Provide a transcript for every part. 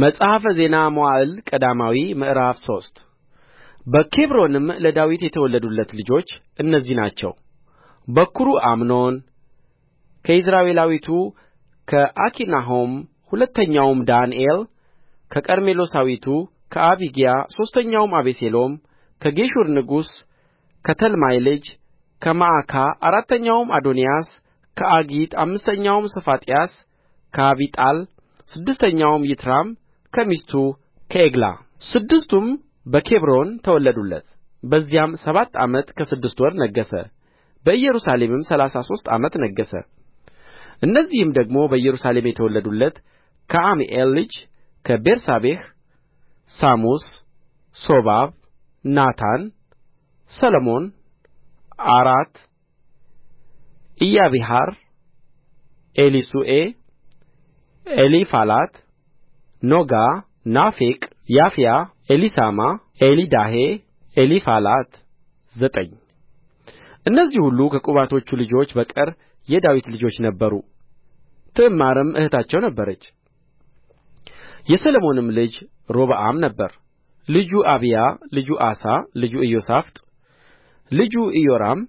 መጽሐፈ ዜና መዋዕል ቀዳማዊ ምዕራፍ ሶስት በኬብሮንም ለዳዊት የተወለዱለት ልጆች እነዚህ ናቸው በኵሩ አምኖን ከኢይዝራኤላዊቱ ከአኪናሆም ሁለተኛውም ዳንኤል ከቀርሜሎሳዊቱ ከአቢግያ ሦስተኛውም አቤሴሎም ከጌሹር ንጉሥ ከተልማይ ልጅ ከመዓካ አራተኛውም አዶንያስ ከአጊት አምስተኛውም ሰፋጥያስ ከአቢጣል ስድስተኛውም ይትራም ከሚስቱ ከዔግላ ስድስቱም በኬብሮን ተወለዱለት በዚያም ሰባት ዓመት ከስድስት ወር ነገሠ በኢየሩሳሌምም ሠላሳ ሦስት ዓመት ነገሠ እነዚህም ደግሞ በኢየሩሳሌም የተወለዱለት ከዓሚኤል ልጅ ከቤርሳቤህ ሳሙስ ሶባብ ናታን ሰሎሞን አራት ኢያቤሐር ኤሊሱዔ ኤሊፋላት ኖጋ ናፌቅ ያፍያ ኤሊሳማ ኤሊዳሄ ኤሊፋላት ዘጠኝ እነዚህ ሁሉ ከቁባቶቹ ልጆች በቀር የዳዊት ልጆች ነበሩ ትዕማርም እኅታቸው ነበረች የሰሎሞንም ልጅ ሮብዓም ነበረ ልጁ አብያ ልጁ አሳ ልጁ ኢዮሳፍጥ ልጁ ኢዮራም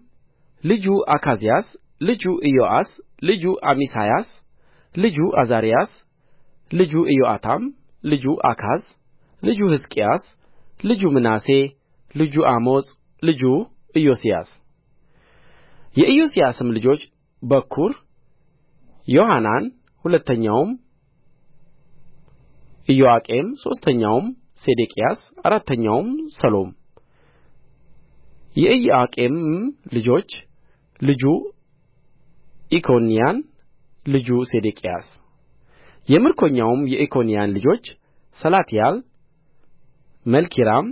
ልጁ አካዝያስ ልጁ ኢዮአስ ልጁ አሜስያስ ልጁ ዓዛርያስ ልጁ ኢዮአታም ልጁ አካዝ ልጁ ሕዝቅያስ ልጁ ምናሴ ልጁ አሞጽ ልጁ ኢዮስያስ የኢዮስያስም ልጆች በኵሩ ዮሐናን ሁለተኛውም ኢዮአቄም ሦስተኛውም ሴዴቅያስ አራተኛውም ሰሎም የኢዮአቄምም ልጆች ልጁ ኢኮንያን ልጁ ሴዴቅያስ የምርኮኛውም የኢኮንያን ልጆች ሰላትያል መልኪራም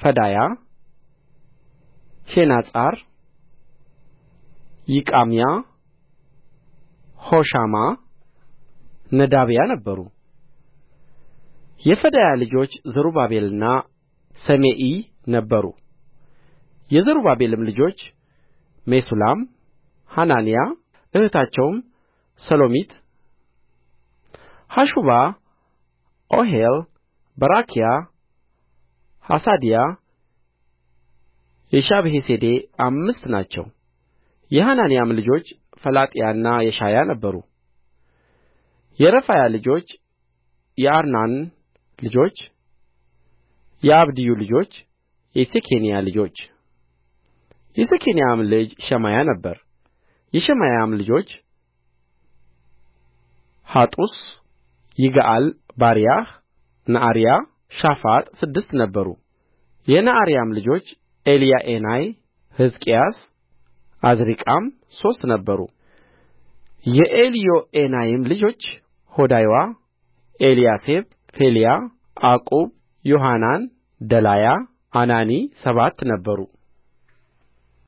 ፈዳያ ሼናጻር ይቃምያ ሆሻማ ነዳብያ ነበሩ የፈዳያ ልጆች ዘሩባቤልና ሰሜኢ ነበሩ የዘሩባቤልም ልጆች ሜሱላም ሐናንያ እኅታቸውም ሰሎሚት ሐሹባ ኦሄል በራክያ ሐሳድያ ዮሻብሒሴድ አምስት ናቸው የሐናንያም ልጆች ፈላጥያና የሻያ ነበሩ የረፋያ ልጆች የአርናን ልጆች የአብድዩ ልጆች የሴኬንያ ልጆች የሴኬንያም ልጅ ሸማያ ነበረ የሸማያም ልጆች ሐጡስ ይግዓል ባርያሕ ነዓርያ ሻፋጥ ስድስት ነበሩ የነዓርያም ልጆች ኤልዮዔናይ ሕዝቅያስ ዓዝሪቃም ሦስት ነበሩ የኤልዮዔናይም ልጆች ሆዳይዋ ኤልያሴብ ፌልያ ዓቁብ ዮሐናን ደላያ አናኒ ሰባት ነበሩ